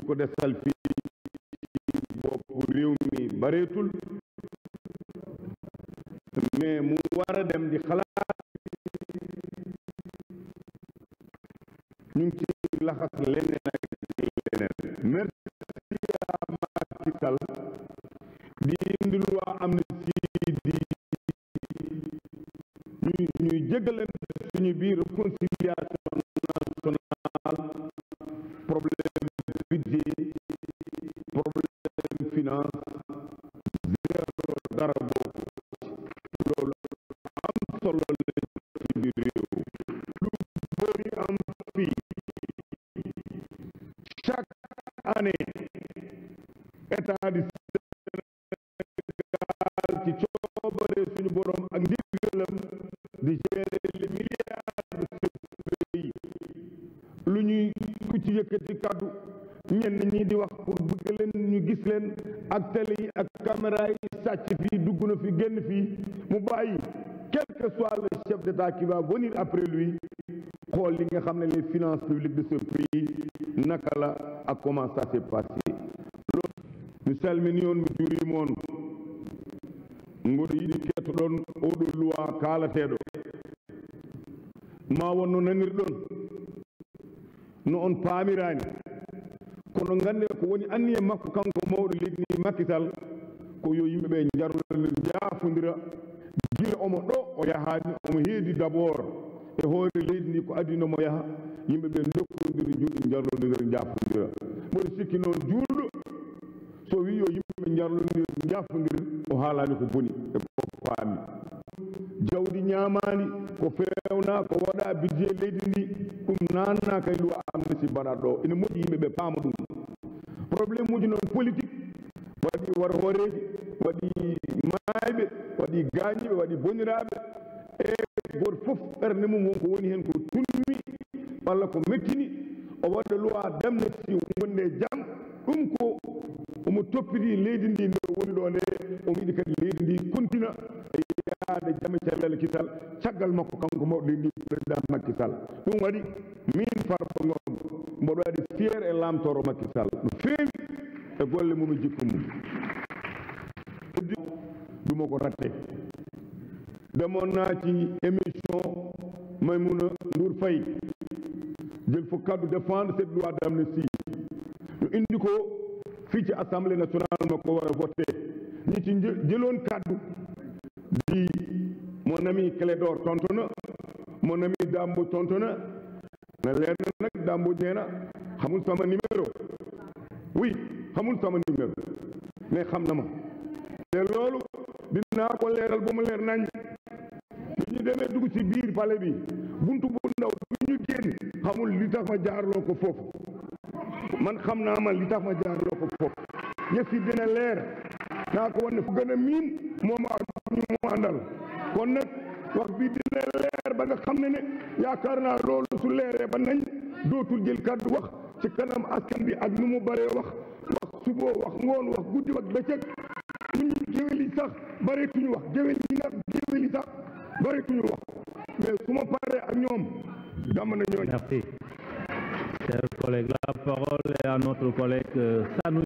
ñu ko desal fii bopp réew mi bareetul mais mu war a dem di xalaat ñu ci laxas leneen ak leneen merci à Macky Sall di indil waa Amnesty di ñuy ñuy suñu biir réconciliation chaque année état du Sénégal ci coobare suñu borom ak ndigalam di gérer les milliards de ce pays lu ñuy ku ci yëkkati kàddu ñenn ñi di wax pour bëgg leen ñu gis leen ak télé yi ak caméra sàcc fii dugg na fi génn fii mu bàyyi quel soit le chef d'état qui venir après lui xool les finances publiques de ce pays naka la ak comment ça s'est passé mi di nous loi ma wonno no on kono ngande ko woni anni makko kanko mawɗo makkisal ko yo gila omo ɗo o heedi e hoore leydi ndi ko adino mo yaha yimɓe ɓe dokkodiri juuɗe jarlodiri jaafodira mboɗo sikki noon juulɗo so wi yo yimɓe jarlodiri jafodiri o haalani ko boni e ko faami jawdi ñaamaandi ko fewna ko waɗa budget leydi ndi ɗum nanna kay luwa amnesi mbaɗat ɗo ene moƴƴi ɓe paama ɗum probléme uji noon politique waɗi war hooreeji waɗi maayɓe waɗi gaañiɓe waɗi boniraɓe e goto fof ɓernde mum wonko woni hen ko tulmi walla ko mekkini o waɗa loi damnesti wonde jaam ɗum ko omo toppiti leydi ndi nde woni ɗo nde omo yiɗi kadi leydi ndi kontina e yaade jame cellal kital caggal makko kanko mawɗo leydi ndi président makky ɗum waɗi min farba ngom mboɗo waɗi fiére e lamtoro makky no feewi e golle mum e jikku mum ɗuma ko ratte demoon naa ci émission Maïmouna Ndour Faye jël fa kàddu défendre cette loi d'amnistie ñu indi ko fii ci assemblée nationale ma ko war a voté ñi ci jëloon kàddu di mon ami Clédor tontu na mon ami Dambo tontu na na leer na nag Dambo nee na xamul sama numéro oui xamul sama numéro mais xam na ma te loolu dinaa ko leeral ba mu leer nañ demee dugg ci biir palais bi buntu bu ndaw bi ñu génn xamul li tax ma jaarloo ko foofu man xam naa man li tax ma jaarloo ko foofu yëf yi dina leer naa ko wane fu gën a miin moom ak ñu mu àndal kon nag wax bi dina leer ba nga xam ne ne yaakaar naa loolu su leeree ba nañ dootul jël kàddu wax ci kanam askan bi ak nu mu bare wax wax suboo wax ngoon wax guddi wax bëccëg ñun ñu géwél yi sax bareetuñu wax géwél yi nag géwél sax bëri ku ñu wax mais su ma paree ak ñoom dama na ñooñu. Merci. Chers collègue la parole est à notre collègue euh, Sanou